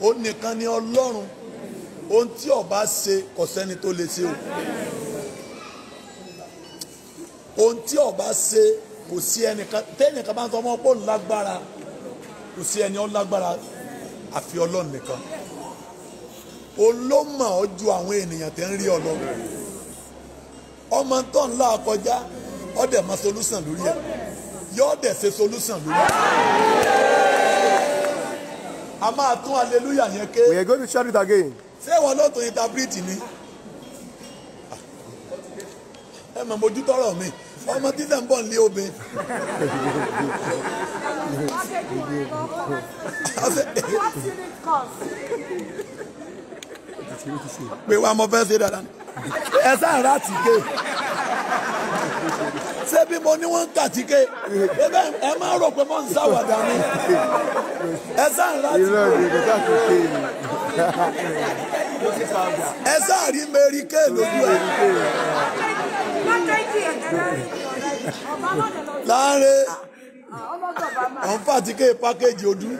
ó nìkan ni ọlọ́run ohun tí ọba ṣe kò sẹ́ni tó lè ṣe o ohun tí ọba ṣe kò sí ẹnìkan tẹ́nìkan bá ń sọ ọmọ pò lágbára kò sí ẹni ó lágbára àfi ọlọ́run nìkan olómọ̀ ọ́ ju àwọn ènìyàn tẹ́ ń rí ọ lọ ọmọ tó ń là kọjá ọ dẹ̀ mọ lórí ẹ̀ yọ ọ ṣe solúsàn lórí ẹ̀ a máa tún hallelujah yẹn ké. we are going to shout it again. ṣé ìwọ ló tún interpret ni ẹ mọ̀ mojú tọrọ mi ọmọ títẹ̀ ń bọ̀ nílé obìnrin. pé wa mo fẹ́ ṣe dáadáa ẹ sáà rà tìkẹ́ ṣé bí mo ní wọ́n ń kàtíkè ebe ẹ máa rò pé mo ń sáwàdà ni ẹ sáà ń láti. ẹ sáà rí mary kay lójú ẹ. láàrin ọ̀n fàtíkè pákéjì ojú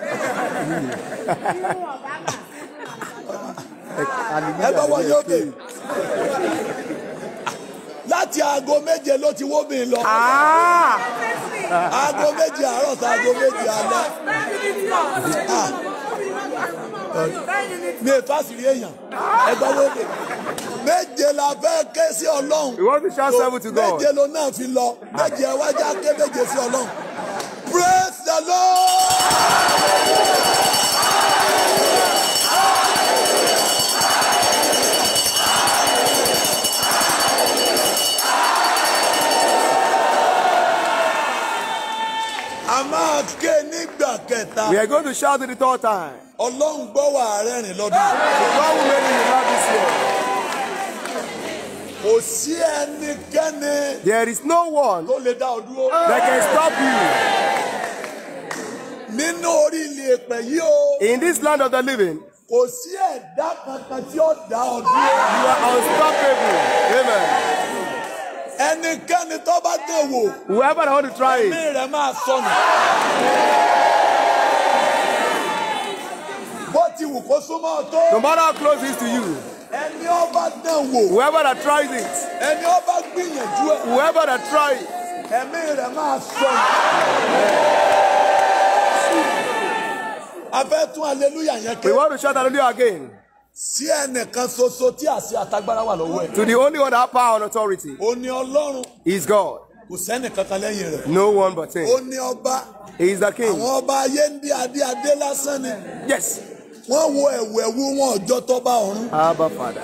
ẹ bá wọ yókè láti aago méje ló ti wó mi lọ. Ah. aago méje àárọ̀ sí aago méje alẹ́. mi ò fásì rí èèyàn ẹgbẹ́ wo lè méje la fẹ́ ké sí ọlọ́run. ìwọ ti ṣá seven to God. méje ló náà fi lọ méje wájà ké méje sí ọlọ́run. Praise the Lord. máa ké nígbà kẹta. we are going to shout it the third time. ọlọ́run gbọ́ wà rẹ́rìn lọ́dún. God will make you laugh this kò sí ẹnikẹ́ni. there is no one. tó lè dá ọ dúró. that can stop you. nínú orílẹ̀ èpè yìí o. in this land of the living. kò sí ẹ̀dá kankan tí ó dá ọ dúró. you are unstoppable. amen ẹnikẹ́ni tó bá dé wò. whoever that want to try it. ẹ̀mí rẹ̀ máa sọnù. bó ti wù kó súnmọ́ tó. no matter how close he is to you. ẹni ó bá dán wò. whoever that tries it. ẹni ó bá gbìyànjú ẹ. whoever that tries it. ẹ̀mí rẹ̀ máa sọnù. a fẹ́ tún hallelujah yẹn kẹ́. we want to shout hallelujah again. sí ẹnìkan soso tí àṣẹ àtagbára wà lọ́wọ́ ẹ̀. to the only one that have power and authority. ó ní ọlọ́run. is God. kò sẹ́ni kankan lẹ́yìn rẹ̀. no one but him. ó ní ọba. he is the king. àwọn ọba ayé ń bí adé adé lásán ni. yes. wọ́n wo ẹ̀wù ewu wọn ọjọ́ tó bá ọ̀run. abba father.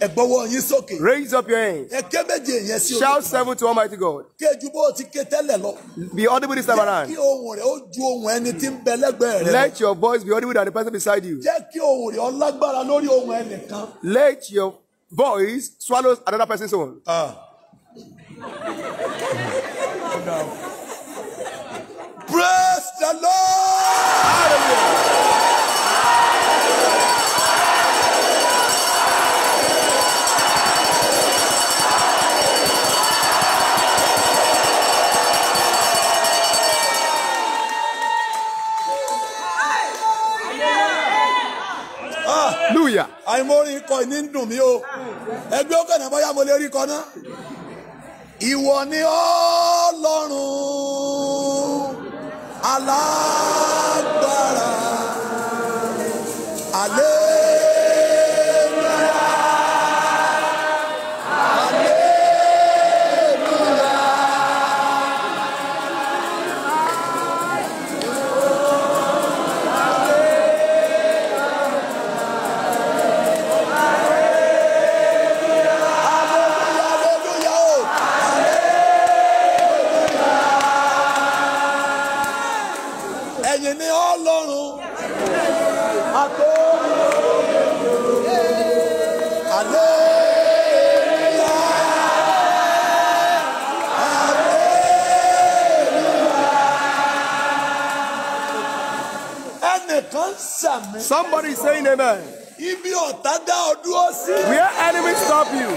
Ẹ gbọ́wọ́ sókè. Raise up your hands. Ẹ méje yẹn sí orí. Shout seven to Almighty God. Kéju bó o ti ké tẹ́lẹ̀ lọ. Be audible this time around. Jẹ́ kí ohùn rẹ̀ ó ju ohùn ẹni tí ń bẹ lẹ́gbẹ̀ẹ́ rẹ̀. Let your voice be audible than the person beside you. Jẹ́ kí ohùn rẹ̀ ó lágbára lórí ohùn ẹnìkan. Let your voice swallow another person's own. Uh. Ah. Praise the Lord. Hallelujah. hallelujah. àìmọ̀rin ikọ̀ ní dùn mí o ẹgbẹ́ òkè náà bóyá mo lè rí kọ́ná. ìwọ ni Ọlọ́run aláà. Somebody saying amen. Where enemies stop you.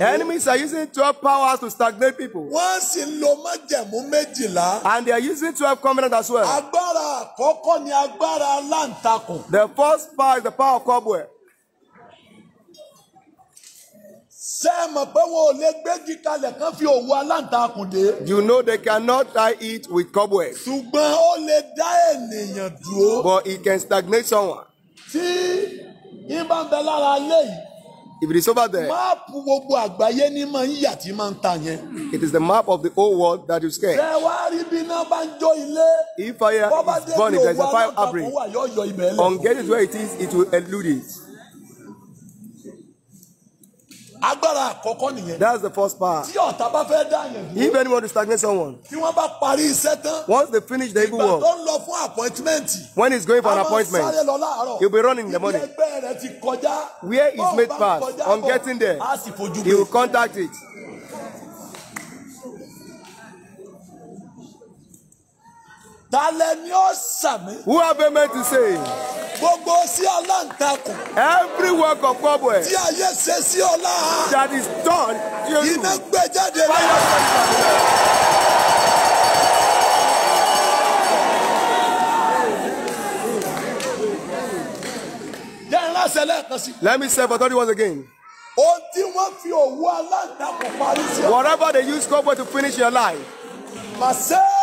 Enemies are using twelve powers to stagnate people. And they are using twelve covenants as well. The first part is the power of cobweb. ṣé ẹ mọ̀ pé wọn ò lè gbégi kalẹ̀ kán fi òwú aláǹtakùn dé. you know they cannot tie it with cobweb. ṣùgbọ́n ó lè dá ènìyàn dúró. but it can stagnate someone. tí yín ń bẹ lára ilé yìí. if it is over there. máàpù gbogbo àgbáyé ni máa ń yà tí máa ń ta yẹn. it is the map of the whole world that you scare. ṣé wàá rí bí iná bá ń jó ilé. if fire is burning there is a fire outbreak. on getting to where it is it will elude it agbára àkọ́kọ́ nìyẹn. that's the first part. tí ọ̀tá bá fẹ́ dá yẹn if anyone to stagnate someone. tí wọ́n bá parí iṣẹ́ tán. once they finish the evil work. ìgbà tó ń lọ fún appointment. when is going for an appointment. àwọn sáré lọ láàárọ̀. he'll be running in the morning. ibi ẹgbẹ́ rẹ̀ ti kọjá. where he's made pass on getting there. a sì fojú gbé. he will contact it. Talẹ̀ ni ó sàmì. Who have I meant to say? Gbogbo sí aláǹtakùn. Every work of cobweb. Eh? Tí ayé ṣe sí ọlá. That is done. Iná gbé jáde lọ. Jẹ́nra ṣẹlẹ̀ kan sí. Let me say for thirty once again. Whatever they use cobweb to finish your life. Màṣẹ́.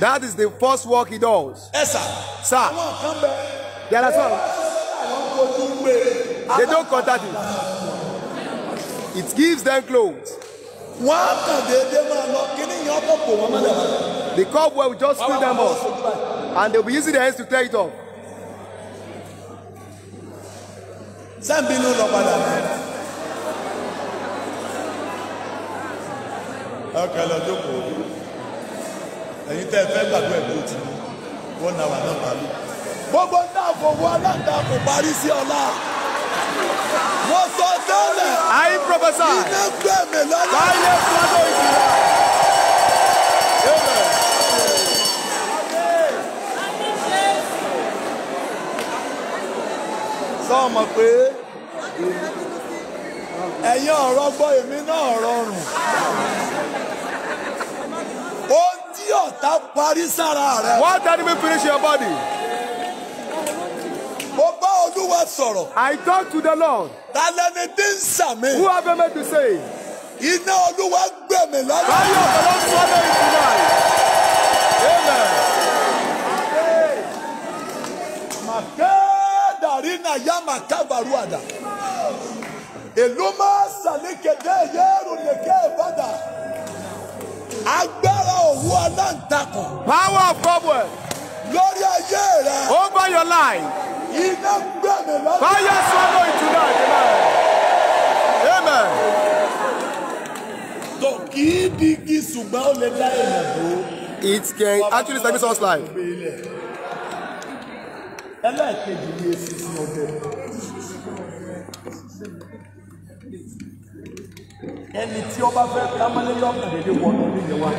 that is the first work he does. ẹ sir. sà. àwọn are some. they don't contact him. it gives them clothes wọ́n kàn déédéé máa lọ kíní yẹn ọkọ̀ kò wọ́n mọ́lẹ̀ wá. the cup will just fill them up and they be using their hands to tear it off. sẹ́ǹbínú lọ padà. ọkọ̀ ẹ̀ lọ jókòó ẹ̀yin tẹ́ ẹ fẹ́ gbàgbọ́ ẹ̀ bó ti wọ́n náà wà náà parí. gbogbo náà fowó aláǹda kò parí sí ọlá mo sọ tẹ́lẹ̀. I prophesy. iná gbẹ̀mí lọ́la. báyé fúnadọ̀ ìjìyà. sọ ma pé ẹ̀yin ọ̀rọ̀ gbọ́ èmi náà rọrùn. ó ń tí ọ̀tá parí sára rẹ̀. What enemy finish your body? olúwa sọ̀rọ̀. I talk to the Lord. Ta lẹni tí ń sàmì? Who have I made to say? Iná olúwa gbẹ̀mí lálẹ́. Báyọ̀ ọ̀dọ́ sọ́dọ̀ ìtura yìí. Amen. yá màkàbàrú Èló máa sàlékèdè yẹ́rù lèkè ìbàdà. Agbára òwú aláǹtakùn. Power of God. Lórí ayé rẹ̀. Over your life. Fire swallow it tonight, amen. Amen. Tò kì í digi ṣùgbọ́n ó lè dá It can actually service me live. Ẹlẹ́ẹ̀kejì ni èsì fẹ́ kámẹ́lẹ́yọ̀ kàdédé wọnú nílé wa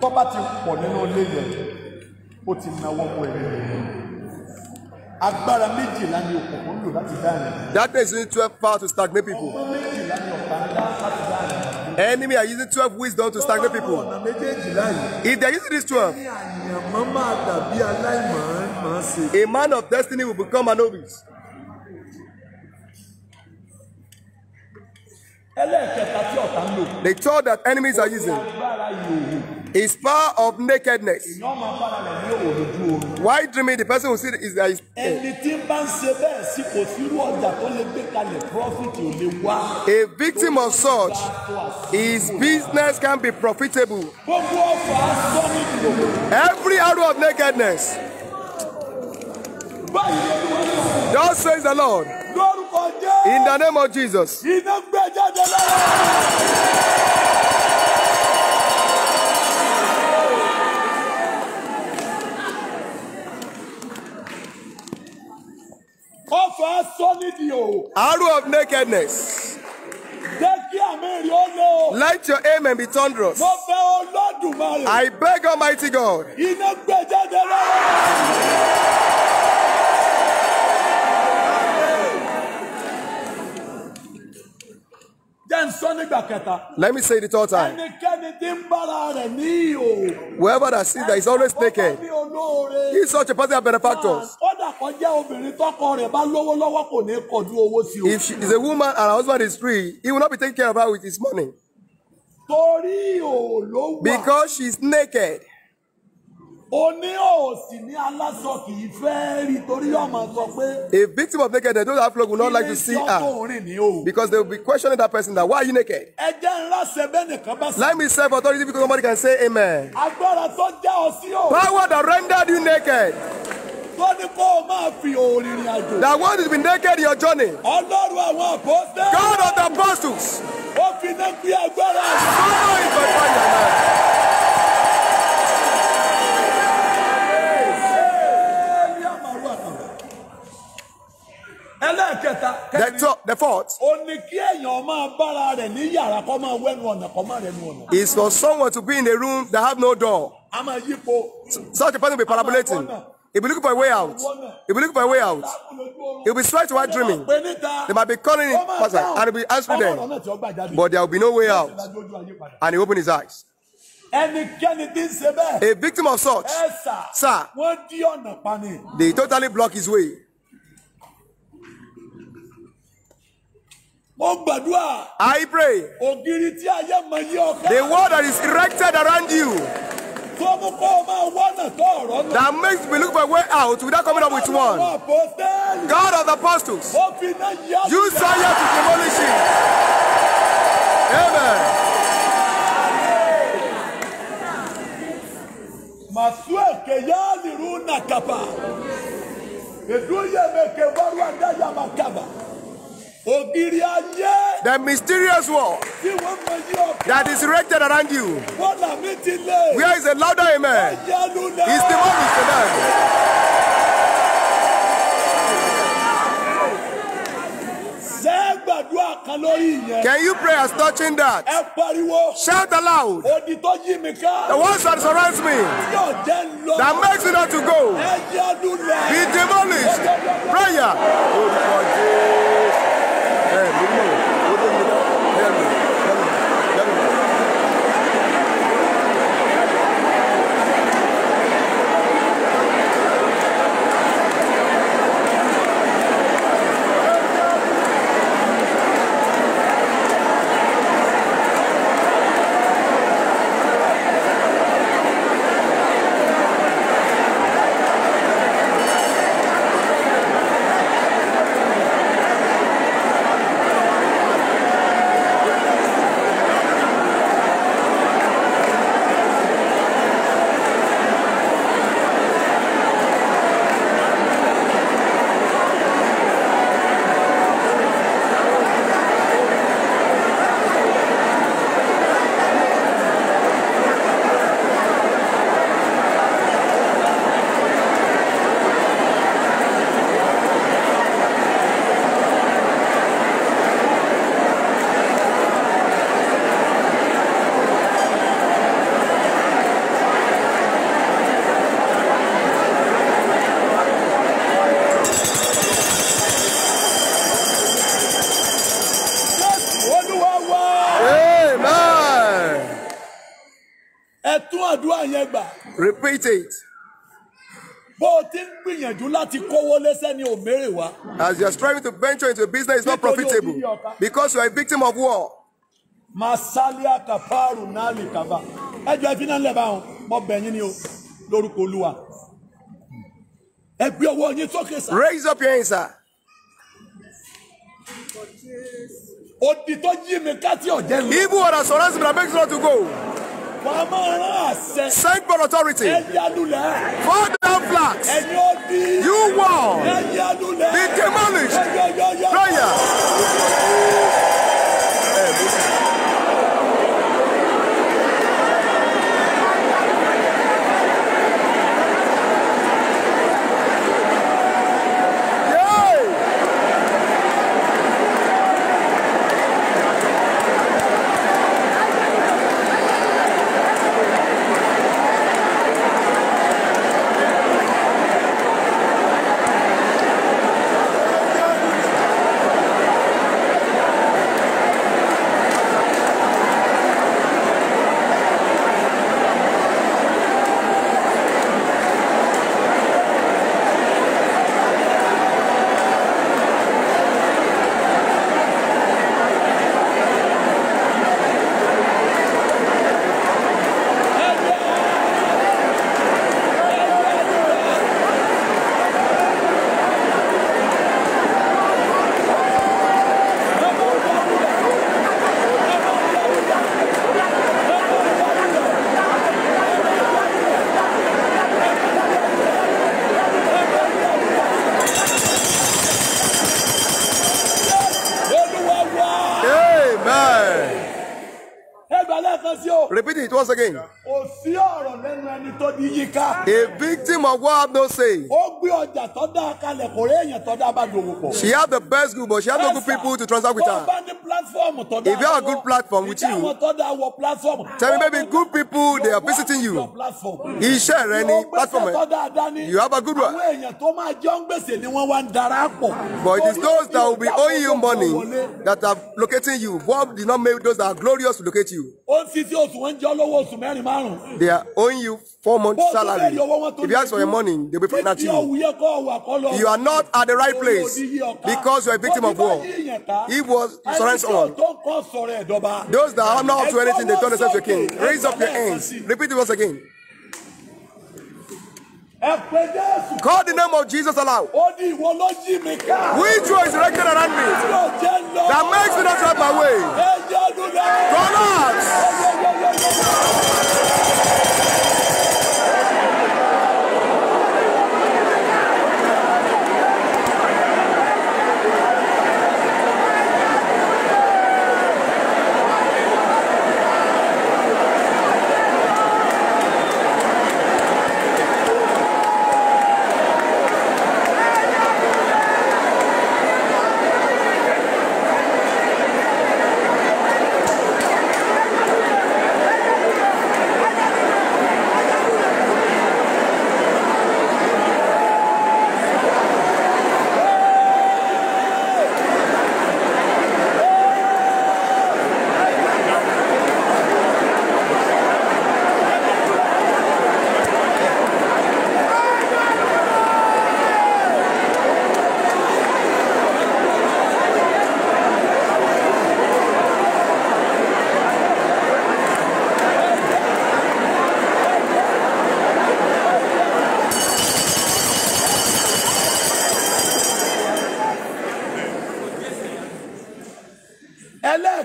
tó ti pọ̀ nínú ilé yẹn ó ti náwó mú ẹ̀mí rẹ̀ agbára méjìlá ni òkùnkùn lò láti dá ìrìn. that day is using twelve power to stagnate people. ọmọ méjìlá ni ọ̀tá ń láti dá ìrìn. enemy are using twelve wisdom to stagnate people. if they use this twelve. a man of destiny will become an novice. They tí that enemies are using is power of nakedness. Why dreaming the person who see is that is. Eh? Ẹni tí ń bẹ́ẹ̀ sí kò sírú ọjà tó lè gbé kalẹ̀ profit ò lè wá. A victim of such his business can be profitable. Gbogbo ọ̀fà sọ ní ìdòwò. Every arrow of nakedness. Báyìí ló ń wọlé. Thus says the Lord. Lórúkọ Jésù. In the name of Jesus. Iná gbẹ́jáde lára. ọfà sọ́nìdì o. arrow of nakedness. jẹ́ kí àmì rí ó lé let your aim and be thunderous. mo bẹ̀ Olódùmarè. I beg Almighty God. iná gbẹjáde lọ́wọ́. Let me say it all time. Whoever that sees that is always naked. He is such a person of benefactors. If she is a woman and her husband is free, he will not be taking care of her with his money. Because she is naked oní òsì ní aláṣọ kì í fẹ́ rí torí ọmọ sọ pé. a victim of nakedness those affluent will not like to see her because they will be questioning that person that why are you naked. ẹ ńlá sẹ́bẹ̀ nìkan bá sọ. let me serve authority because nobody can say amen. agbára tó jẹ́ ọsí o. power that rendered you naked. tó ní kó o máa fi òrìrìn àjò. that one has been naked in your journey. ọlọ́run àwọn apostles. God of the apostles. ó fi náà gbé agbára. follow him by fire ẹlẹ́ẹ̀kẹta kẹ́ni. the fourth. kí èèyàn máa bára rẹ̀ ní yàrá kó máa wẹ́nu ọ̀nà kó máa rẹ̀nu ọ̀nà. is for someone to be in a room that have no door. a máa yípo. such a person be parabolating. He be looking for a way out. He be looking for a way out. He be straight while dreaming. They might be calling him pastor, and he'll be answering them. But there will be no way out. And he opened his eyes. a victim of such. Sir, they totally block his way. I pray. The wall that is erected around you that makes me look for a way out without coming up with one. God of the apostles, use fire to demolish it. Amen. Masueke The mysterious wall. That is erected around you. Where is the louder amen? It's lulẹ̀. His demon is tonight. Can you pray as touching that? Shout aloud. The ones that surrounds me. That makes me not to go. Be demolished. Prayer. Olùkọ́jú. Э, вернул. gbìyànjú láti kówó lẹ́sẹ̀ ni ò mèrè as you are striving to venture into a business it's not profitable because you are a victim of war. masalia kaparu nali kaba ẹjọ ẹbí náà lẹba àwọn mo bẹ̀ yín ni o lórúkọ olúwa ẹ ọwọ́ yín sókè sá. raise up your hand sir. odi tó yí mi ká tí ọ̀jẹ̀ lọ. ibu ọ̀rọ̀ sọ̀rọ̀ sí mi na make sure to go. Send for authority. father down flat. You wall. Be demolished. Prayer. She has the best group, but she has no good people to transact with her. If you have a good platform with you, tell me maybe good people they are visiting you. Iṣẹ́ rẹ ni platform You have a good one. But it is those that will be owing you money that are locating you. Bob did not make those that are glorious to locate you ó ń sisi oṣù wọn jẹ́ olówó oṣù mẹ́rin márùn. they are owing you four months salary if you ask for your money they will finance you. you are not at the right place because you are a victim of war. he was surrounded all. those that are not up to anything they turn themselves to king. raise up your hands repeat it once again. Call the name of Jesus aloud. Which one is erected around me that makes me not have my way. Collapse.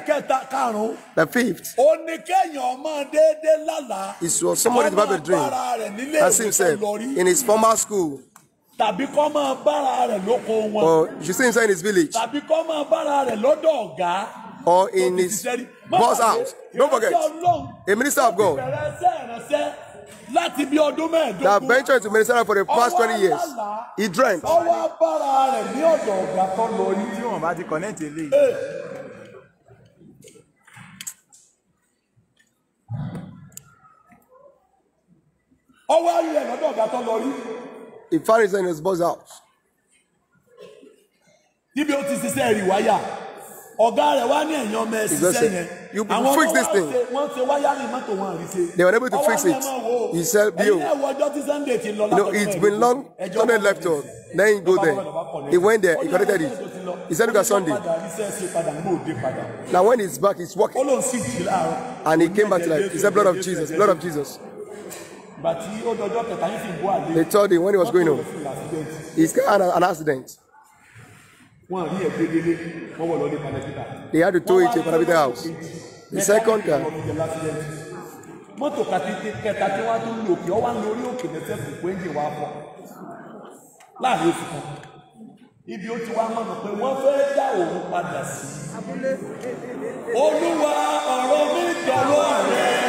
ẹlẹ́ẹ̀kẹta karùn the fifth. ó ní kéèyàn ọmọ déédéé lálàá. is was somebody to have a dream. ọmọ bára rẹ̀ nílé ìwé tó lọ in his former school tàbí kọ́ máa bára rẹ̀ lóko wọn. or you see inside his village. tàbí kọ́ máa bára rẹ̀ lọ́dọ̀ ọ̀gá. or in his boss house don't forget a minister of God. láti bí ọdún mẹ́ẹ̀ẹ́dógún. that venture into ministry for the past twenty years he drank. ọwọ́ bára rẹ̀ ní ọ̀dọ̀ ọ̀gá tó lọ yìí. tí wọ́n bá ti connect eléyìí. ọwọ́ ayé ẹ̀ lọ́dọ̀ ọ̀gá tó lọ rí. a Pharisee in his boss house. níbi ó ti ṣiṣẹ́ rí wáyà ọ̀gá rẹ̀ wá ní ẹ̀yàn ọmọ ẹ̀ ṣiṣẹ́ yẹn àwọn fix this thing wọ́n ṣe wáyà ní mọ́tò wọn àrí ṣe. they were able to fix it he said bio you know it's been long Sunday left on then he go there he went there he collected it he said look at Sunday now when he's back he's working and he came back to life he said blood of Jesus blood of Jesus. They told him when he was going home. He's had an accident. They had to tow it to Panabita house. The second car. E, e, e, olúwa ọ̀rọ̀ mi dọ̀rọ̀ rẹ̀.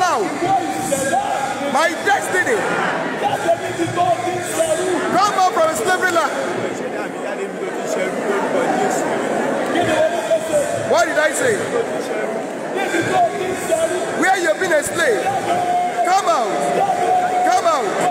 now. My destiny. Come out from slavery land. What did I say? Where you been a slave. Come out. Come out.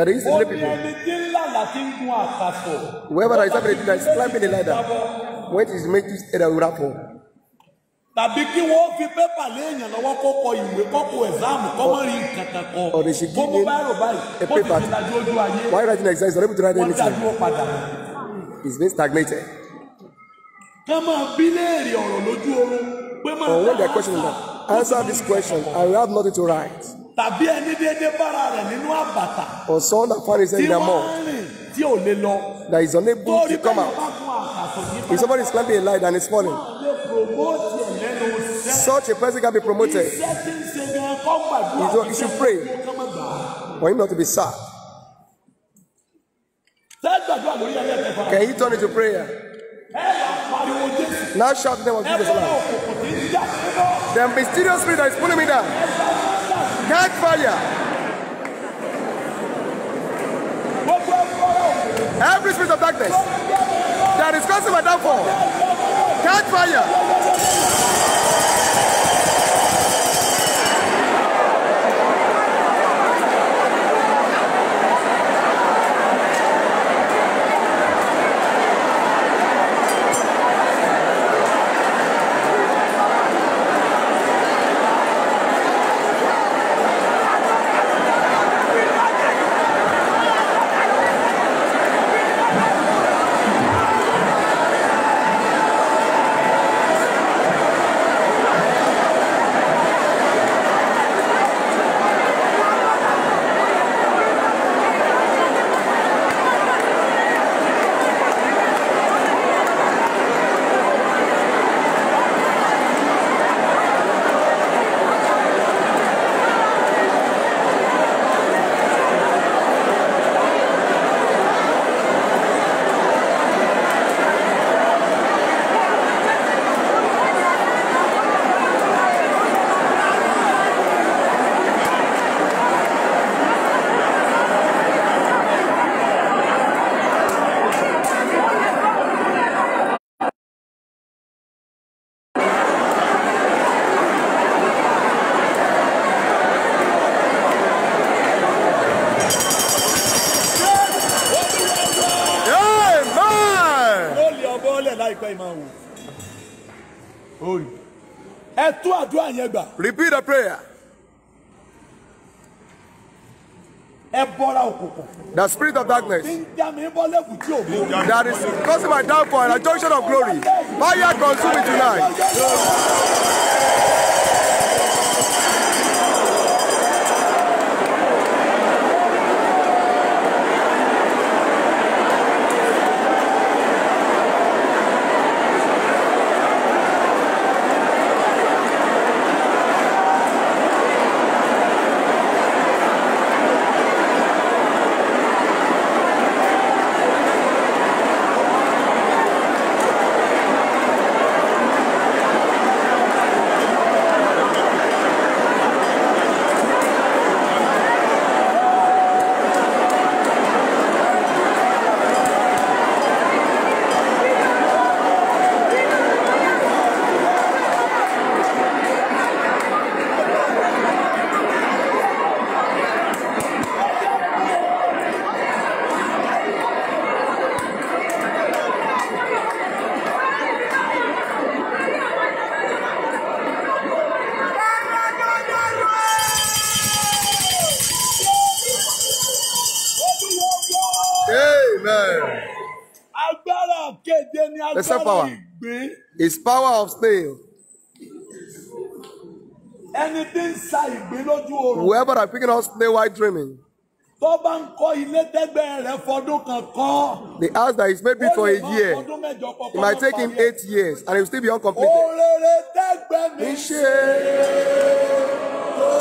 But there is people. Whoever that is happening that is climbing the ladder, when it is made to stay, they will fall. tàbí kí wọ́n fi pépà léèyàn lọ́wọ́ kó kọ ìwé kó kọ ẹ̀sáàmù kó mọ̀ rí nǹkan kan kọ kó mú báyìí báyìí kó ti fi lajú ojú ayé wọ́n dájú exercise ọ̀rẹ́bù tó dájú anything wọ́n dájú padà. it's been stagnated. ká máa bí léèrè ọ̀rọ̀ lójú oorun pé máa dáhùn answer. or when they question that answer this question I have nothing to write tàbí ẹni déédéé bára rẹ̀ nínú àbàtà. or someone that found himself in a mall. tí wọ́n rìn tí ò lè lọ. that is unable to come out. if somebody is climbing a ladder and is falling. such a person can be promoted. You should pray for him not to be sad. Can he turn into prayer? Now shout the name of Jesus. The mysterious spirit that is pulling me down. fire. Every spirit of darkness that is causing my downfall, catch fire. The spirit of darkness that is causing my downfall and a junction of glory, fire consume it tonight. self power is power of steel. ẹni tí ń sa oorun. whoever are picking up snail while dreaming. tó bá ń kọ́ ilé tẹ́gbẹ́ rẹ̀ fọdún kan kọ́. the house that is maybe for a year it might take him eight years and it will still be uncompleted. òrèrè tẹ́gbẹ́ mi ṣe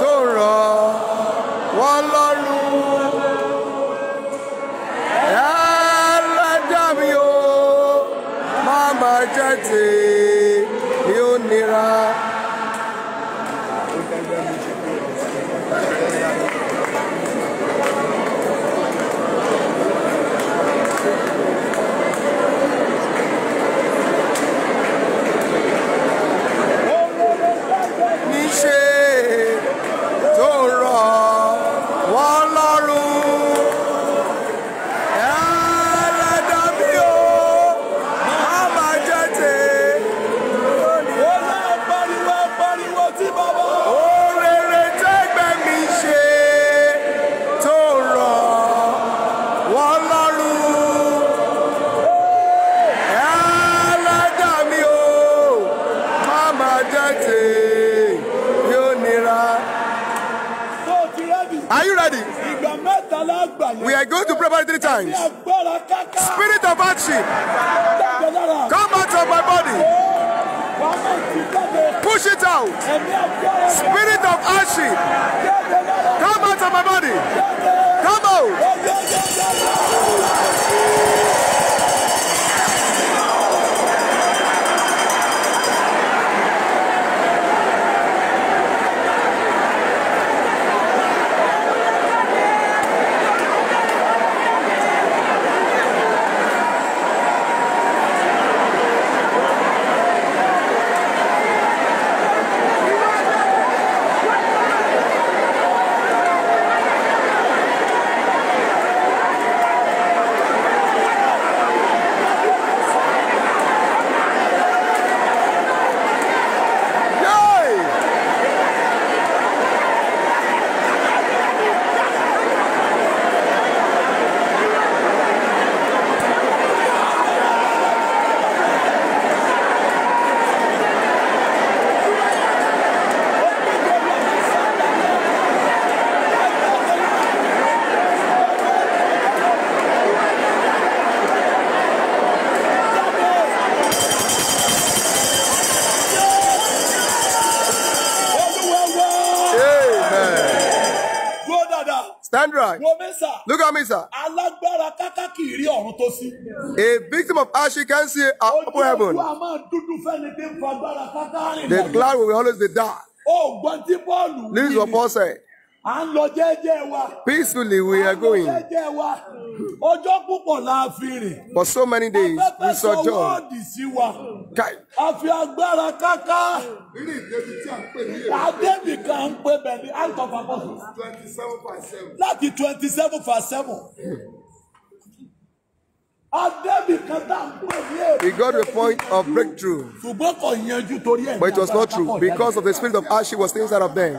tó rọ̀ wọ́n lọ́rùn. máa jẹ́ tèé ni nira. yóò nira. Are you ready? We are going to pray about three times. Spirit of hardship, come out of my body. Push it out. Spirit of hardship, come out of my body. Come out. The cloud will always be dark. This is what Paul said. À ń lọ jẹ́jẹ́ wa. Peacefully we are going. À ń lọ wa. Ọjọ́ púpọ̀ la fi For so many days we saw joy. sọ wọ́ọ̀dì sí wa. A fi agbára káká. Rírì ìdẹ́bi tí a ń pè ní èrè. kan ń pè bẹ̀rẹ̀ Act of Apostles. Twenty seven for seven. Láti twenty seven for seven. He got a point of breakthrough. But it was not true because of the spirit of ash was still inside of them.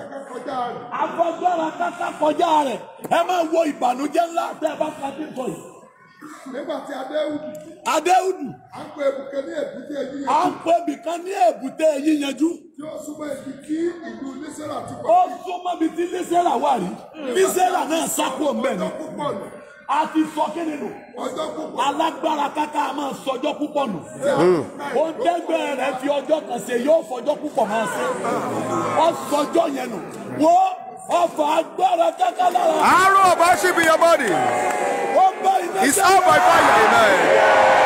Adéhùdù. Adéhùdù. À ní èbúté yíyanjú. À ń pe ní èbúté yíyanjú. Tí ó súnmọ́ ibi tí ìlú Lísẹ́rà ti pàdé. Ó súnmọ́ ibi tí Lísẹ́rà wà rí. Lísẹ́rà náà sá kúrò mbẹ́ ni a ti sọ kíni nù. ọjọ́ púpọ̀. alágbára káká a máa sọjọ́ púpọ̀ nù. ó hmm. ń dẹ́gbẹ́ rẹ̀ fi ọjọ́ kan ṣe yóò fọjọ́ púpọ̀ máa ṣe. ó sọjọ́ yẹn nù. wo ọfà agbára káká lára. arrow of worship in your body. ó bá iná sẹ́yìn. it's all by fire. amen.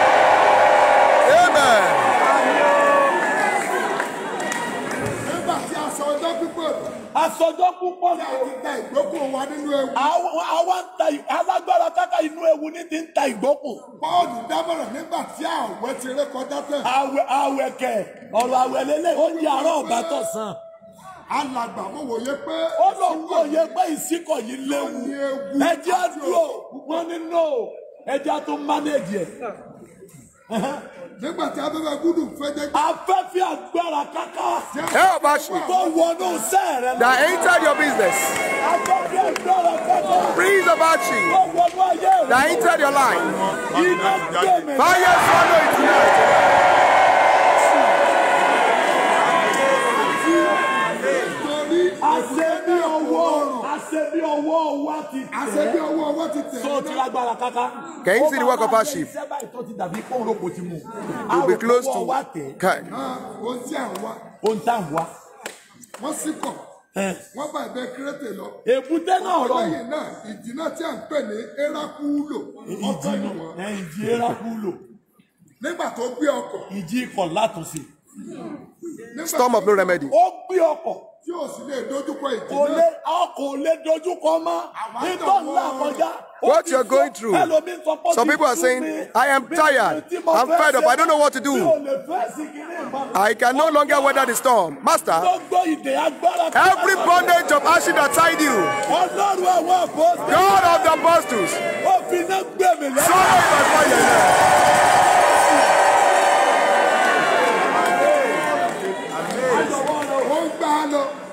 Àsọjọ́ púpọ̀ ni. Ṣé a ti ta ìgbókùn wa nínú ewu? Àwa ń ta alágbára káka inú ewu ní ti ń ta ìgbókùn. Bọ́ọ̀lù dámọ̀ràn nígbà tí àwẹ̀ ti ré kọjá tẹ̀. Àwẹ̀ àwẹ̀ kẹ̀ ọ̀rọ̀ àwẹ̀ lélẹ̀ ó di àárọ̀ ọ̀bà tọ̀sán. Alàgbà mo wòye pé. Ó lọ wòye pé ìsìnkọ̀ yìí léwu. Ẹ jẹ́ àdúrò wọ́n ní no. Ẹ jẹ́ àtún mánéèjì ẹ̀ nígbà tí afẹ́fẹ́ gúdù fẹ́ jẹ́. afẹ́fẹ́ agbára káká. ẹ ò bá ṣe. tó wọnú sẹ́ rẹ. that entered your business. afẹ́fẹ́ agbára káká. breeze about you. wọnú ayé rẹ. that entered your life. iná gbẹ̀mí. kárakáká. kẹ́yìn sì ni wákọ̀ fáṣì. to be close to kai. ohun tí à ń wá. ohun tí à ń wá. wọ́n sì kọ̀ wọ́n bá ẹ̀bẹ̀ kírètè lọ. èbúté náà rọ. lẹ́yìn náà ìjì náà tí à ń pè ní erakulo. ìjì náà ìjì erakulo. nígbà tó gbé ọkọ̀. ìjì ikọ̀ látòsí. storm of no remedy. ó gbé ọkọ̀ tí o sì lè dojúkọ ìdí kò lè a lè dojúkọ mọ́ nítorí ńlá kọjá. What you're going through. Some people are saying, I am tired. I'm fed up. I don't know what to do. I can no longer weather the storm. Master, every bondage of ashes that tied you, God of the apostles, so my fire now.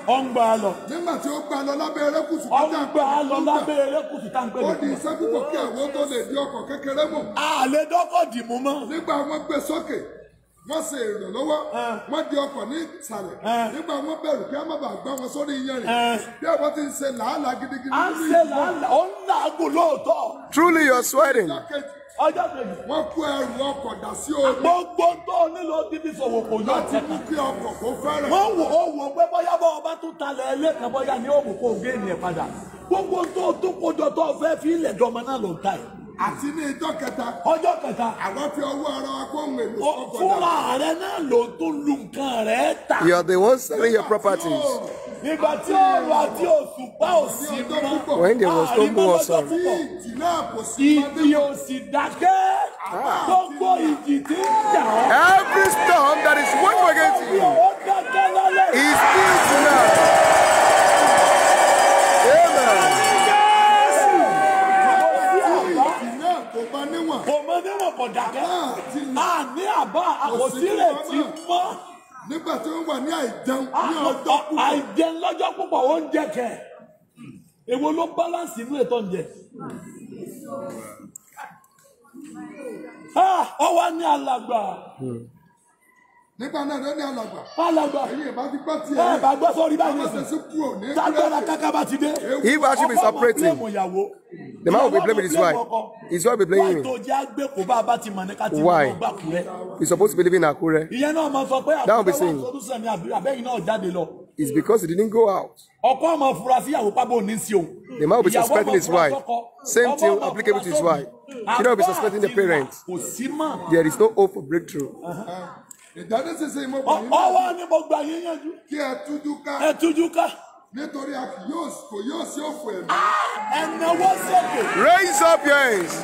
ó ń gbà lọ. nígbà tí ó gbà lọ lábẹ́ erékùsù tó dà gbà lọ lábẹ́ erékùsù tá n pè ó di iṣẹ́ kí àwọn tó lè di ọkọ̀ kékeré mọ̀. àlè dọ́kọ̀ dì mú mọ́. nígbà wọn gbé sókè wọ́n ṣe ìrànlọ́wọ́ wọ́n di ọkọ̀ ní ìsàlẹ̀ nígbà wọ́n bẹ̀rù kí wọ́n má bàa gbá wọn sórí iyanrìn bí àwọn ti ń ṣe làálàá gidigidi. à ń ṣe làálàá ó ń làágùn lóòótọ́. truly you are swearing ọjọ́ kejì. wọ́n kó ẹrù ọkọ̀ dà sí omi. gbogbo tó nílò dídí sòwò kò yọ láti mú kí ọkọ̀ kó fẹ́rẹ̀. wọ́n wò ó wò pé bóyá bọ́ ọba tún talẹ̀ ẹlẹ́kan bóyá ni ó wò kó gé ènìyàn padà. gbogbo tó tó kójọ tó fẹ́ fi ilẹ̀ dọ́mọ náà ló ń ta yìí àti ní ọjọ́ kẹta. ọjọ́ kẹta. àwọn fi ọwọ́ ara wa kó ń èlò fúnra rẹ náà ló tún lu nǹkan rẹ ta. you are the ones selling your properties nígbà tí ọ̀rọ̀ àti òṣùpá ò sí mọ́ àrímọ́ lọ́jọ́ púpọ̀ ìdí ò dákẹ́ gbogbo ìjì tí ń jà every storm that is working against you is still to now. amen. àní àbá àkòsílẹ̀ tí mọ́. nígbà tí wọ́n wà ní àìjẹun ah, ní ọjọ́ púpọ̀. àìjẹun lọ́jọ́ púpọ̀ oúnjẹ kẹ èwo ló báláǹsì inú ètò oúnjẹ. Ah, wá ní alàgbà. Hmm. nígbà náà ló ní alàgbà. alàgbà ẹ̀yin ìbá ti gbọ́ tiẹ̀. ẹ bá gbọ́ sórí báyìí. ọmọ sẹ̀sẹ̀ kú ò ní. tágbára kankan bá ti dé. if worship is operating the man will be blaming his wife his wife be blaming him. wàá tó jẹ́ àgbẹ̀ kó bá a bá ti mọ̀ ní ká ti mọ̀ gbà kúrẹ́. he supposed to be living in Akure. ìyẹn náà máa sọ pé àbúrò wa sọdún sẹ̀mí àbẹ́yìn náà jáde lọ. it's because he didn't go out. ọkọ ọmọ afurasí ìyàwó pábò ní sí òun. the man will be suspecting his wife same thing applicable to his wife she no be suspecting the parents there is no hope for breakthrough. Uh -huh ìdáná bọ̀ yín. ọwọ́ ni mo gbà yín yanjú. kí ẹ tújú ká. ẹ tújú ká. nítorí a kò yóò sí òfò ẹ̀mí. Ah, ẹ̀nàwó sókè. raise up your hands.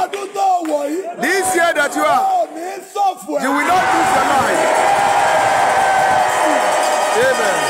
ọdún tó wọ̀ yìí. this year that you are. you will not lose your life. amen.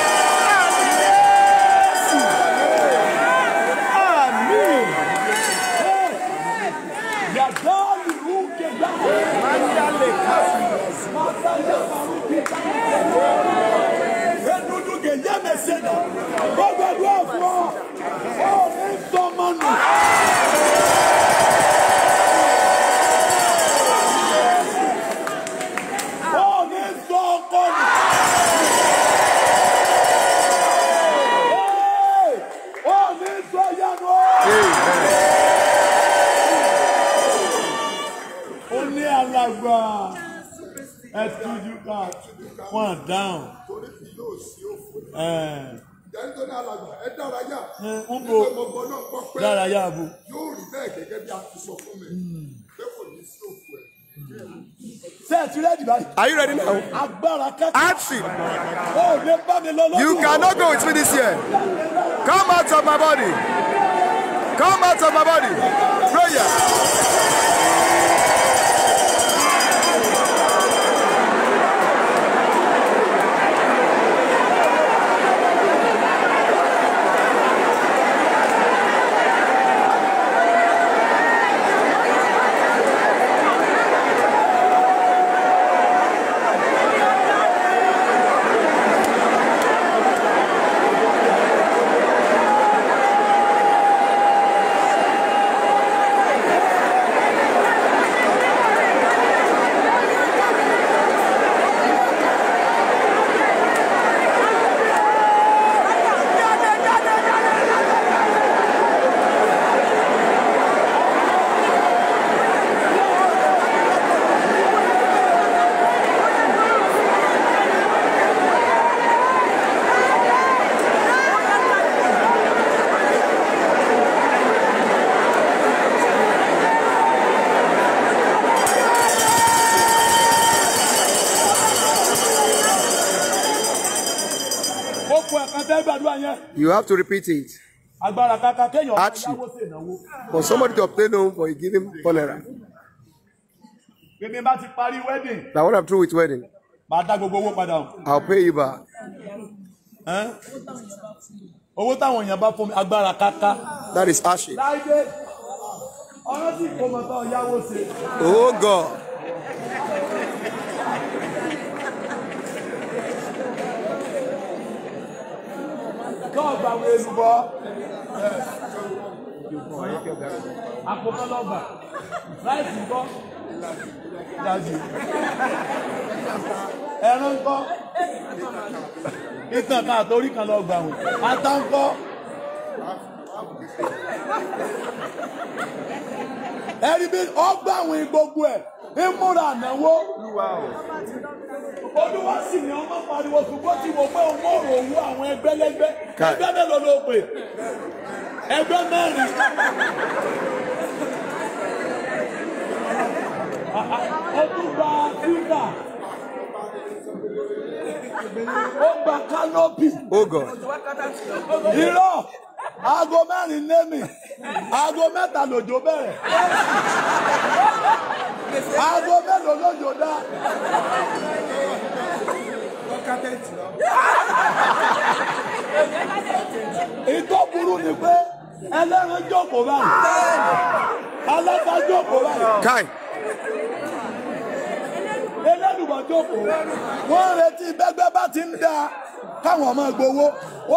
àgbàlagbà ẹ dárayá. ń bo dárayá bo. yóò rí bẹ́ẹ̀ gẹ́gẹ́ bí a ti sọ fún mi hmm. pé kò ní sí òkú ẹ̀. Are you ready now? Action! You cannot go with me this year. Come out of my body. Come out of my body. Prayer. You have to repeat it. Hardship for somebody to obtain home for a given cholera. Now, what I'm through with wedding, I'll pay you back. Owó táwọn èèyàn bá fún mi agbára káká. That is hardship. Láìdé, ọ̀rọ̀ kò mọ̀ tán yáwó ṣe. Oh God. lọ́ọ̀bà wo elubọ́ àkókò lọ́ọ̀bà láìsí bọ́ dájú ẹran kọ́ ìtàn kan àtòrí kan lọ́ọ̀gbà wọn ata ń kọ́ ẹni bí ọgbà wọn gbogbo ẹ̀ ń múra ànáwó. olúwa sì ni ọmọ pariwo ṣùgbọ́n tí mo pé owó òrò owó àwọn ẹgbẹ́ lẹ́gbẹ́ ẹgbẹ́ mélòó ló pè ẹgbẹ́ mẹ́rin. ọdún gba ó gba kánópì. Oh irọ́ aago mẹ́rin némi aago mẹ́ta lòjò bẹ̀rẹ̀ aago mélòó lòjò dá. ìtọ́ burú ni pé ẹlẹ́rìn jókòó báyìí alága jókòó báyìí. Elédùmarè jókòó wọ́n retí bẹ́gbẹ́ bá ti ń da káwọn ọmọ gbowó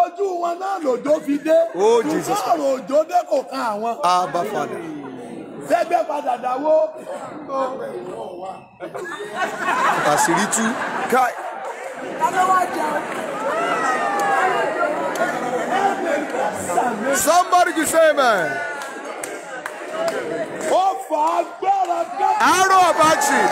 ojú wọn náà lòjó fi dé oh, ṣùgbọ́n òjò dé kò kan àwọn. Father. bẹ́gbẹ́ padà dáwó. àṣírí tú káì. Somebody just say amen. Ó fà agbára ká. Arrow of action.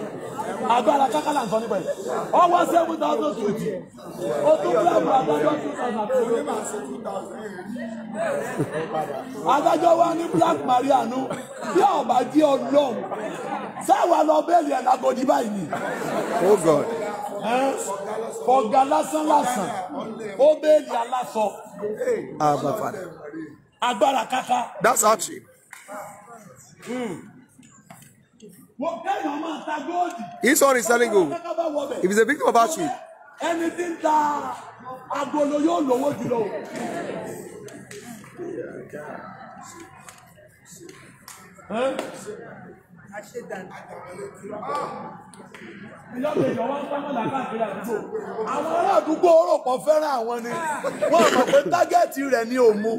agbára kákàlà nǹkan níbẹ̀ ọwọ́ seven thousand twenty o tún bí àbúrò adájọ́ two thousand twenty adájọ́ wa ní black maria nu bí ọba jẹ́ ọlọ́run sáwa lọ bẹ́ẹ̀lì ẹ̀ lágọ́dí báyìí ni. Oh God fọgá lásán lásán ó bẹ́ẹ̀lì aláṣọ. Ah, agbára káká. that's our team. Mm. If someone is selling gold, if he's a victim of hardship, anything that I go you know. agolo yóò lówó jùlọ. Àwọn ará àdúgbò òròpọ̀ fẹ́ràn àwọn ni wọ́n mọ̀ pé tágẹ́ẹ̀tì rẹ̀ ni òmu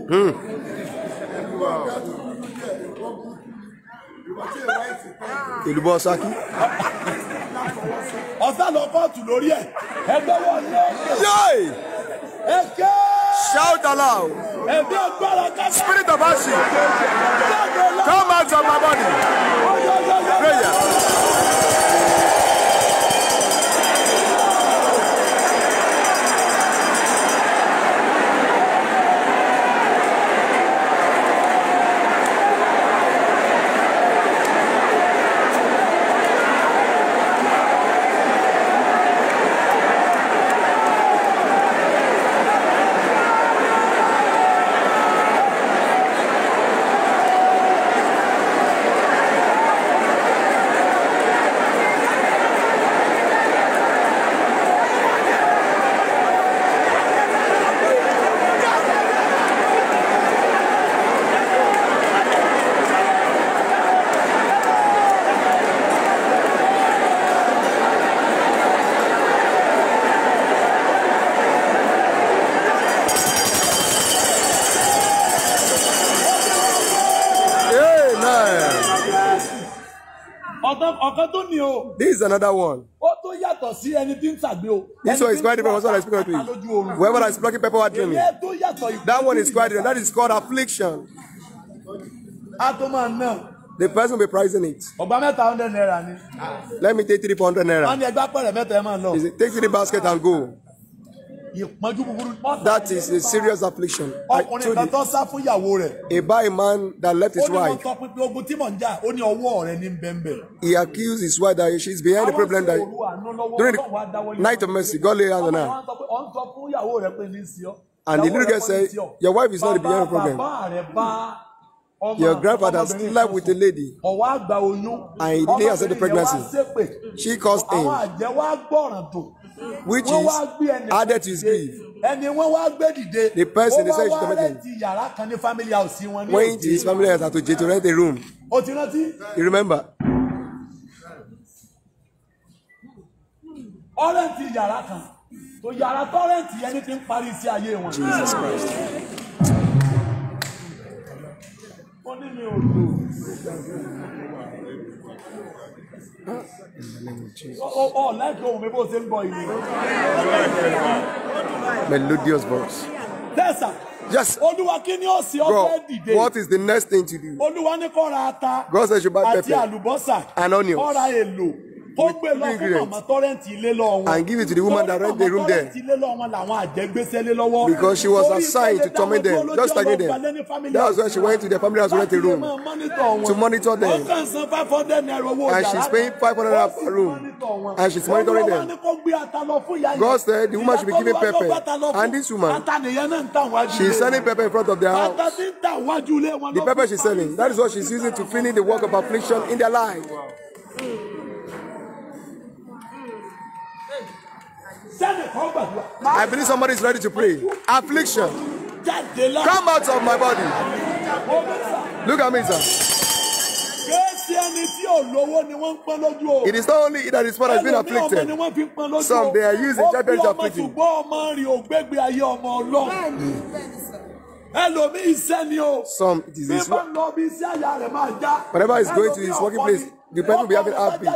èlùbọ́ saki. ọ̀sán lọ kóòtù lórí ẹ̀ ẹgbẹ́ wọlé ẹ̀ ẹ̀ kẹ́. shout aloud. ẹ̀mí agbára ká. spirit of action come out of. is another one. ó tó yàtọ̀ sí ẹni tí ń tàgbé o. this one is quite different from what I speak of it. whoever is plucking pepper while dreaming. èyí tó yàtọ̀ ìkú. that one is quite different that is called affliction. a tó The person be pricing it. Ọgbà mẹ́ta hundred naira ni. Let me take three hundred naira. Wọ́n ní ẹgbẹ́ apẹ̀rẹ̀ mẹ́ta ẹ máa lọ. Take three basket and go that is a serious affliction. ọkùnrin kan tó sá fún man that left his wife. he accused his wife that she is behind the problem that during the night of mercy God lay hand on her. and the little girl said your wife is not behind the problem. bàbá rẹ̀ bá your grandfather slept with a lady and he didn't accept the pregnancy. she caused him which is added to his grief. ẹni wọ́n wá gbé dìde. the person they say you should come in. wá wá ti yàrá kan ní family house wọn ní òjì. to his family house at Oje to rent a room. o ti rántí. you remember. ọ̀rẹ́ ti yàrá kan tó yàrá tọ́rẹ́ǹtì ẹni tí ń parí sí ayé wọn. Jesus Christ. ó ní mi ò lò. Oh, oh, let go. Maybe we'll sing boy. Melodious voice. Yes, sir. Yes. Olúwa What is the next thing to do? Olúwa ní God says you buy pepper. Àti àlùbọ́sà. And onions. kó gbé lọ fún màmá tọ́rẹ́ǹtì ilé lọ́wọ́. and give it to the woman that rent the room there. tọ́rẹ́ǹtì ilé lọ́wọ́ làwọn àjẹgbésẹ́ lé lọ́wọ́. because she was assigned to torment them just like them that was when she went to their family house to rent a room to monitor them and she's paying five hundred naira per room and she's monitoring them. God said the woman should be given pepper and this woman she is selling pepper in front of their house. The pepper she's selling that is what she's using to finish the work of affliction in their life. Mm. I believe somebody is ready to pray. Affliction. Come out of my body. Look at me, sir. It is not only that his father has been afflicted. Some they are using children of afflict him. Some it is his Whenever he's going to his working place, the person will be having happy.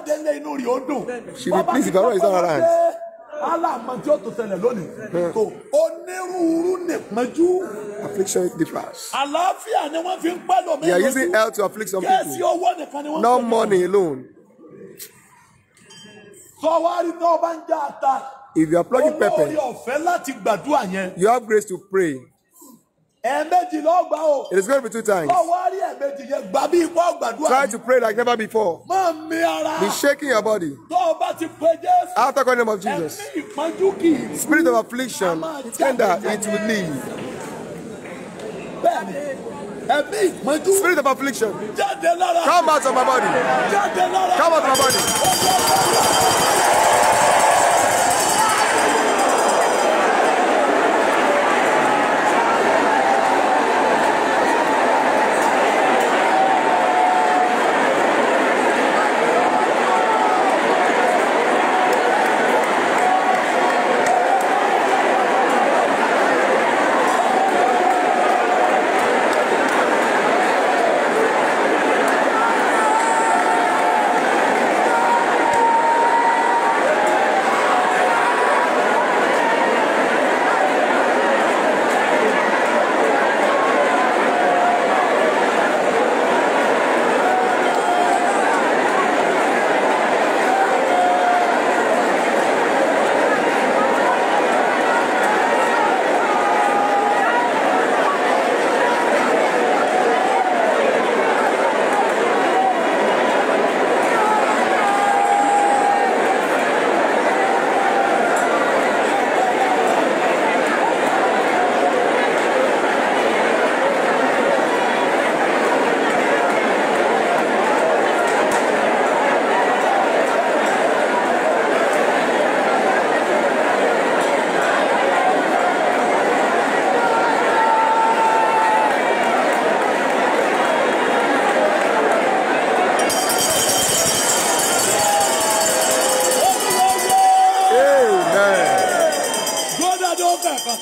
She will be pleased if Allah is not around aláàmọ tí ó tó ṣẹlẹ̀ lónìí tó hmm. onírúurú nìpọ́njú. affliction differs. àlàáfíà ni wọ́n fi ń pẹ́ lómi. they are using health to afflict some people. kẹ́sì owó nìkan ni wọ́n fi ń pẹ́ lómi. not money alone. sọ náà bá ń já ata. if you are plugging pepper. owó ọ̀fẹ́ láti gbàdúrà yẹn. you have grace to pray ẹ̀ẹ̀mejì ló gbà o. it is going to be two times. kọ́ wá rí ẹ̀ẹ̀mejì yẹn gbà bí ipò gbàdúrà. try to pray like never before. máa mi ara. be shaking your body. tó o bá ti pe Jésù. after calling the name of Jesus. ẹ̀mí ìpọ́njú kì í. spirit of affliction tender it will leave. bẹ́ẹ̀ni ẹ̀mí ìpọ́njú. spirit of affliction. jáde lára. come out of my body. jáde lára. come out of my body.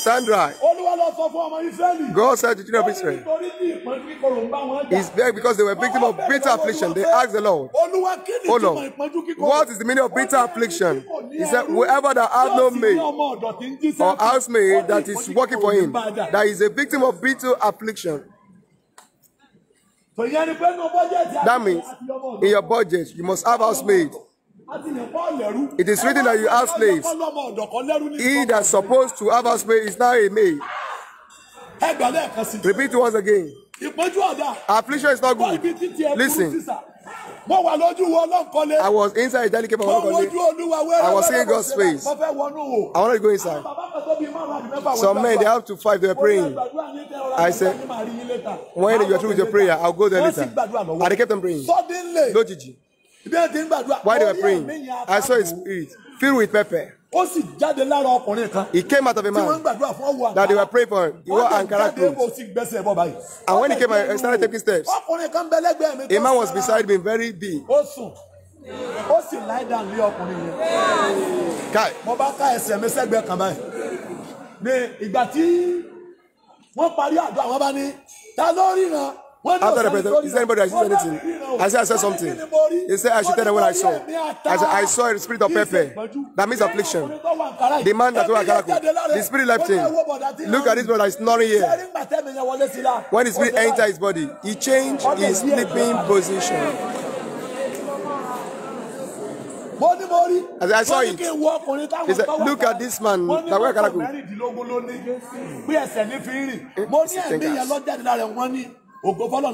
Sandra. God said to the children of Israel, It's there because they were victims of bitter affliction. They asked the Lord, Oh Lord, what is the meaning of bitter affliction? He said, Whoever that has no maid or housemaid that is working for him, that is a victim of bitter affliction. That means in your budget, you must have housemaid. It is written that you have slaves. He that's supposed to have a slave is now a maid. Repeat to us again. Affliction is not good. Listen. I was inside the delicate moment. mo I was seeing God's face. I wanted to go inside. Some men they have to fight they were praying. I said when you are through with your prayer I'll go there later. And they kept on praying. no, Gigi. While they were praying, I saw his spirit filled with pepper. he came out of a man. that they were praying for him. he wore and when he came I started taking steps. a man was beside me very big. kai. mo bá ká ẹsẹ̀ mi sẹ́gbẹ̀ẹ́ kan báyìí. ní ìgbà tí When After the president, is anybody that sees anything? I said, I said something. He said, I should tell them what I saw. I said, I saw a spirit of pepper. That means affliction. The man that was The spirit left him. Look at this brother, he's snoring here. When the spirit entered his body, he changed his sleeping position. As I saw it, he said, look at this man. We are sending Bí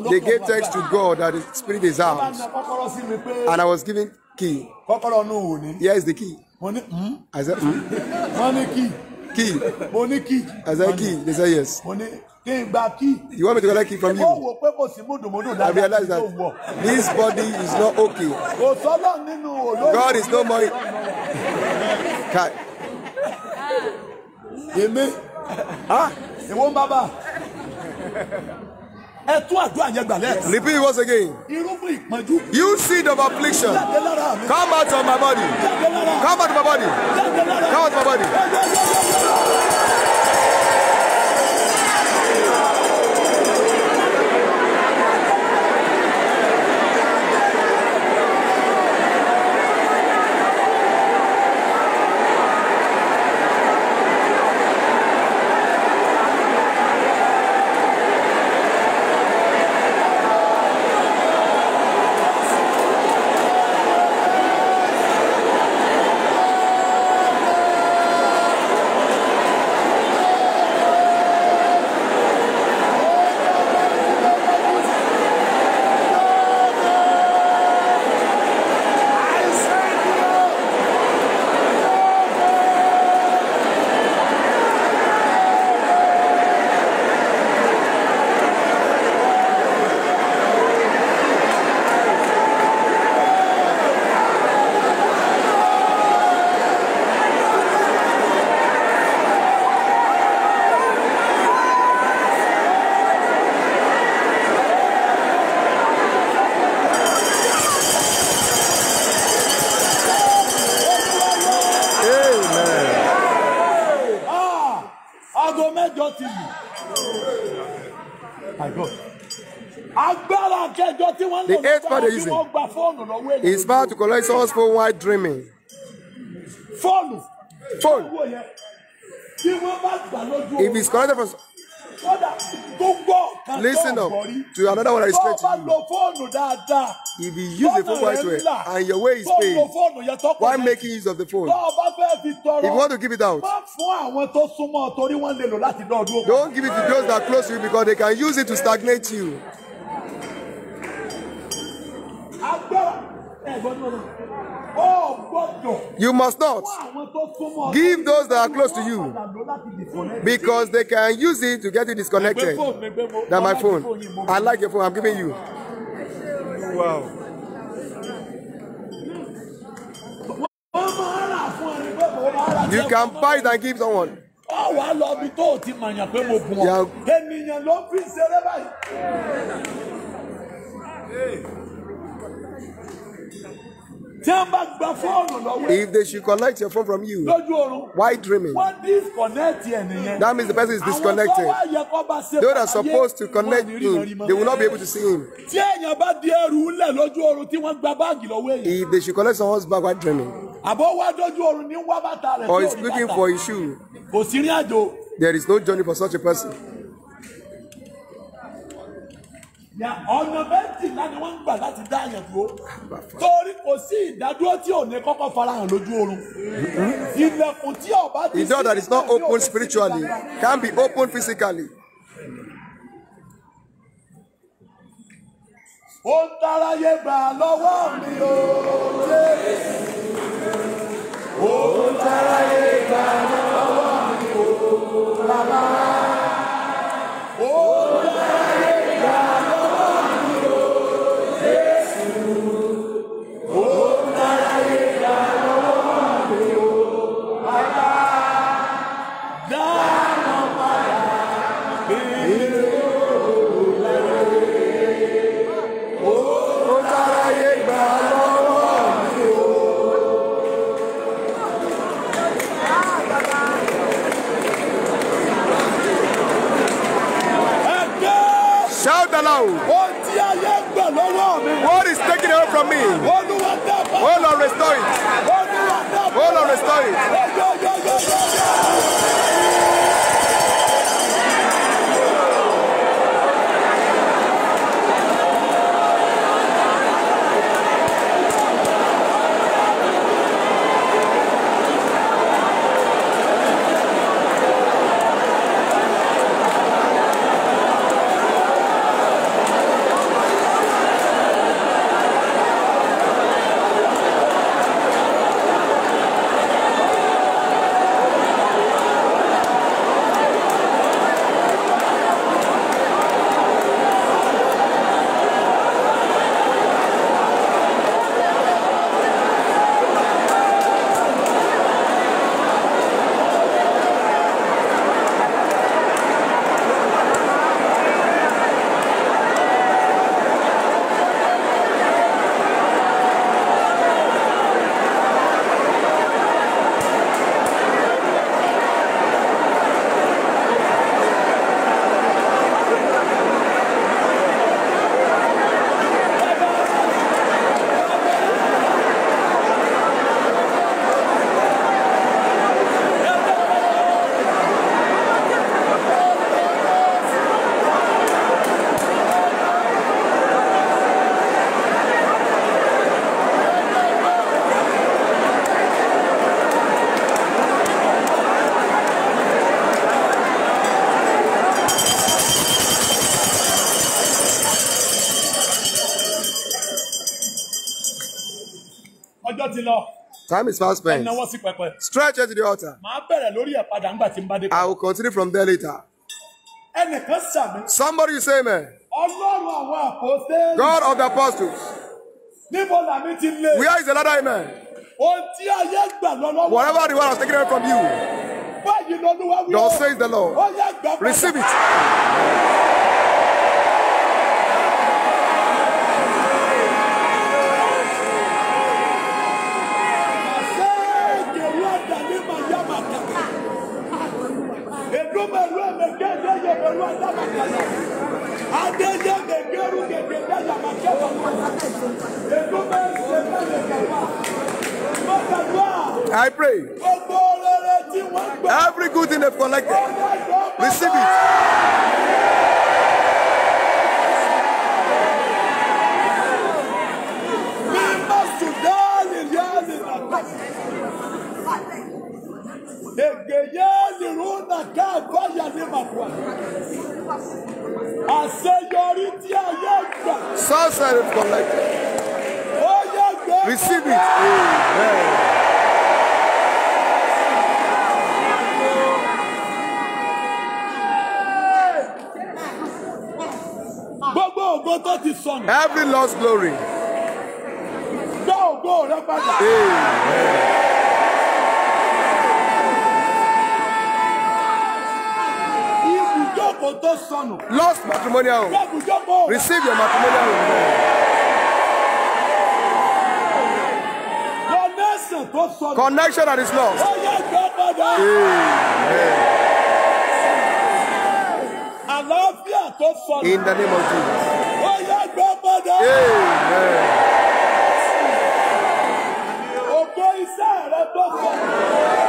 They gave text to God that the spirit is out. And I was given key. Here is the key. Hmm? I said, hmm? Key. I said, key. They said, yes. You want me to collect key from you? I realized that this body is not okay. God is no more. Amen. Huh? It won't, Baba repeat once again. you seed of affliction. come out of my body. come out of my body. come out of my body. reason. He's about to collect someone's for white dreaming. Phone. Phone. If he's collected from Listen up to another one I is to you. If you use the phone right way and your way is paid, why making use of the phone? If you want to give it out, don't give it to those that are close to you because they can use it to stagnate you. You must not give those that are close to you because they can use it to get you disconnected. That's my phone. I like your phone. I'm giving you. Wow. You can buy it and give someone. ọ If they should collect your phone from you, why dreaming? That means the person is disconnected. Those are supposed to connect him, they will not be able to see him. If they should collect someone's bag why dreaming, or is looking for his shoe, there is no journey for such a person ọ̀nà méjìlá ni wọ́n ń gbà láti dá àyàn dúró torí kò sí ìdádúró tí ò ní kọ́kọ́ farahàn lójú oorun mm-hmm. ilẹ̀kùn tí ọba ti sí. the door that is not open spiritually can be open physically. ó ń dáráyé gbà lọ́wọ́ mi o ó ń dáráyé gbà lọ́wọ́ mi o bàbá. mí me. estoy. on, restore estoy. Time is fast spent. Stretch it to the altar. I will continue from there later. Somebody say amen. God of the apostles. Where is the ladder, amen? Whatever the world has taken away from you, God says the Lord. Receive it. Every good thing they've collected, receive it. Every lost glory. Dá ògo rẹ padà. Ibùjókòó tó Lost matrimonial Receive your matrimonial Connection that is lost. Amen. In the name of Jesus. padà. Ògbó iṣẹ́ I'm kọ̀.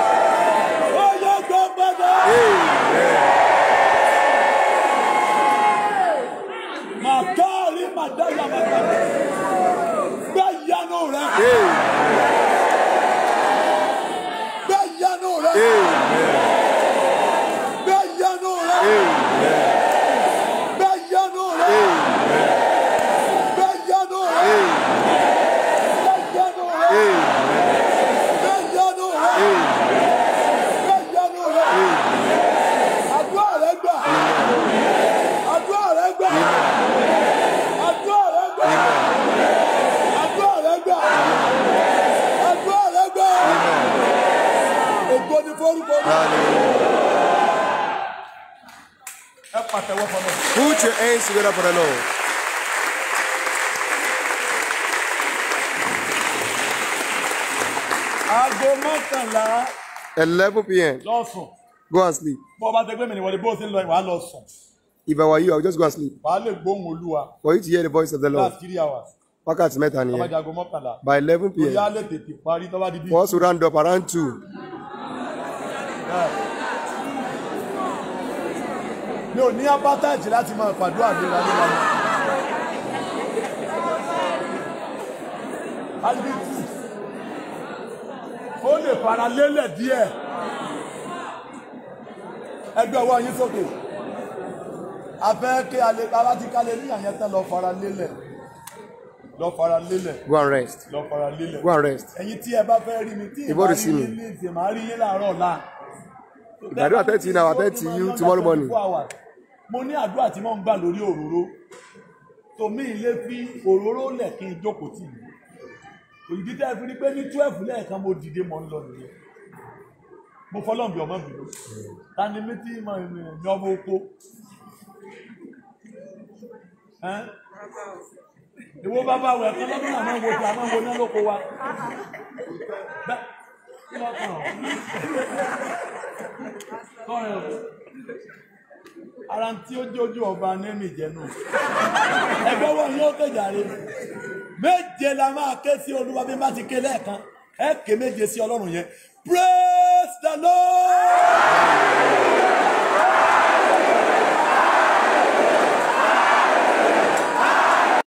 pàtẹ́wọ́ fún ọ. Put your hands together for the Lord. Eleven p.m. Lọ́sùn. Go and sleep. Bọ́ ọba tẹgbẹ́ mi ni wọlé bó o ti ń lọ ìwà If I were you, I would just go and sleep. For you to hear the voice of the Lord. That's three hours. Wákàtí mẹ́ta nìyẹn. Ọbàjà aago By eleven p.m. Oyá lè tètè parí round up around two. Yeah mi ò ní abátájì láti máa pàdúrà mi lálẹ́ alibitu ó lè fara lélẹ̀ díẹ̀ ẹgbẹ́ ọwọ́ yín sókè afẹ́ kí alẹ́ bàbá ti kálẹ̀ ní àyẹ̀ tán lọ fara lélẹ̀ lọ fara lélẹ̀ go and rest lọ fara lélẹ̀ go and rest ẹ̀yin tí ẹ bá fẹ́ rí mi tí ẹ rí mi ní ìsìn máa rí yín láàárọ̀ ọ̀la àdúrà thirty in hour thirty you tomorrow morning. mo ní àdúrà tí mo ń gbà lórí òróró tòmí ilé fi òróró lẹ̀ kí n jókòó tì mí òyìnbí tẹ́ ẹ fi rí pé ní twelve lẹ́ẹ̀kan mo dìde mọ́ ń lọ nìyẹn mo fọlọ́n bí ọmọ mi ló ta ni mi ti mọ ènìyàn ní ọmọ oko ìwọ bàbá wẹ̀ kí ọlọ́dún àmọ́ wo ti àmọ́ wo ní ọlọ́kọ wa ara tí ó jójú ọba nẹ́mì jẹ́nu ẹgbẹ́ wọn yóò kẹjàre méje la máa ké sí olúwa bí má ti ké lẹ́ẹ̀kan ẹ ké méje sí ọlọ́run yẹn praise the lord.